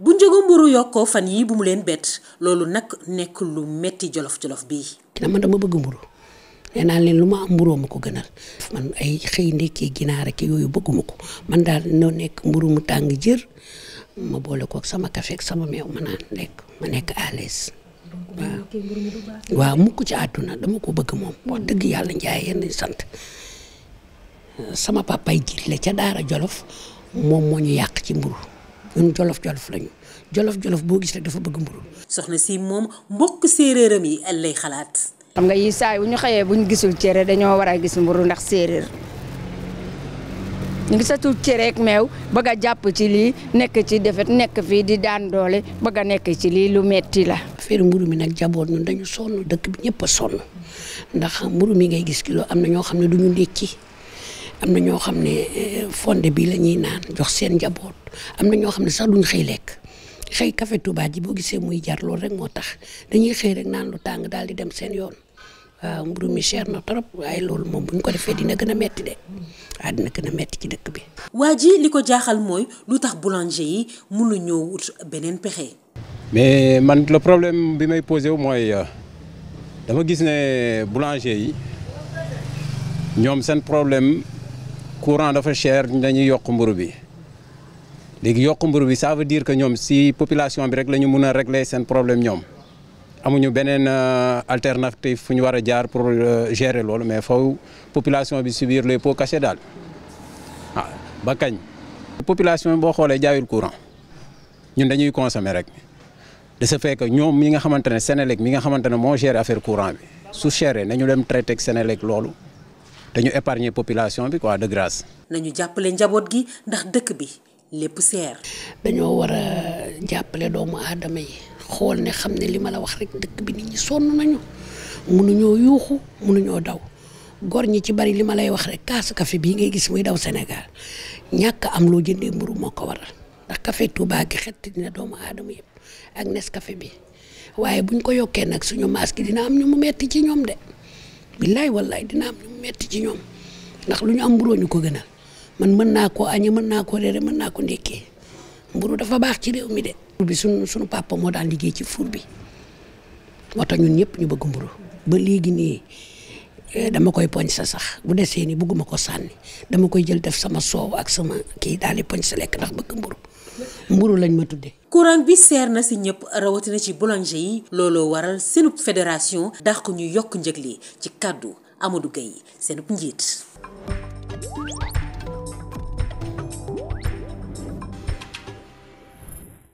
bu njëgu mburu yokkoo fan yi bu mu leen bett loolu nag nekk lu metti jolof-jolof bii dama dama bëgg mburu nee naa leen lu ma am mburoo ma ko gënal man ay xëy ndekkee ginaar ak yooyu bëgguma ko man daal noo nekk mburu mu tàng jër ma boole kook sama café sama meew ma naan lekk ma nekk à waaw waaw mukk ci na dama ko bëgg moom wax dëgg yàlla njaay yéen sant sama papay jiit la ca daara jolof moom moo ñu yàq ci mburu ñun jolof-jolof lañu jolof-jolof boo gis rek dafa bëgg mburu soxna si moom mbokk séeréeram yi al lay xalaat xam nga yi saay bu ñu xëyee ñu gisul cere dañoo war a gis mburu ndax séeréer ñu gisatul cere ak meew bëgg a jàpp ci lii nekk ci defet nekk fii di daan doole bëgg a nekk ci lii lu metti la affaire mburu mi nag jaboot ñun dañu sonn dëkk bi ñëpp a sonn ndax mburu mi ngay gis kilo am na am na ñoo xam ne euh, fonde bi la ñuy naan jox seen njaboot am na ñoo xam ne sax duñ xëy lekk xëy café Touba ji boo gisee muy jar loolu rek moo tax dañuy xëy rek naan lu tàng daal di dem seen yoon waaw mburu mi cher na trop waaye loolu moom bu ñu ko defee dina gën a metti de waaw dina gën a metti ci dëkk bi. waa ji li ko jaaxal mooy lu tax boulanger yi mënu ñoo wut beneen pexe. mais man la problème bi may posé wu mooy euh, dama gis ne boulanger yi ñoom seen problème. courant dafa cher dañuy yokk mburu bi léegi yokk mburu bi ça veut dire que ñoom si population bi rek lañu mun a régler seen problème ñoom amuñu beneen euh, alternative fu ñu war a jaar pour euh, gérer loolu mais foo population bi subir les pots cachés daal ah ba kañ. population boo xoolee jaayul courant ñun dañuy consommer rek de ce fait que ñoom mi nga xamante ne Sénélec mi nga xamante ne moo gérer affaire courant bi su chéré nañu dem traité ak Sénélec loolu. te ñu épargner population bi quoi de grâce. nañu jàppale njaboot gi ndax dëkk bi lépp seer. dañoo war a jàppale doomu aadama yi xool ne xam ne li ma la wax rek dëkk bi nit ñi sonn nañu mënuñoo yuuxu mënuñoo daw. góor ñi ci bari li ma lay wax rek kaasu café bii ngay gis muy daw senegal ñàkk am loo jëndee mburu moo ko waral ndax kafe Touba gi xett dina doomu aadama yëpp ak Nescafé bi waaye buñ ko yokkee nag suñu maas dina am ñu mu metti ci ñoom de billaay wallaay dina am ñu metti ci ñoom ndax lu ñu am mburoo ñu ko gënal man mën naa koo añe mën naa koo reere mën naa ko ndekkee mburu dafa baax ci réew mi de. four bi sunu sunu moo daan liggéey ci four bi moo ñun ñëpp ñu bëgg mburu ba léegi nii. Eh, dama koy poñ sa sax bu desee ni bugguma ko sànni dama koy jël def sama soow ak sama kii daal di poñ sa lekk ndax bëgg mburu mburu lañ ma tuddee. courant bi seer na si ñëpp rawatina ci boulanger yi. looloo waral seenub fédération. ko ñu yokk njëg li ci kàddu Amadou Gueye seenub njiit.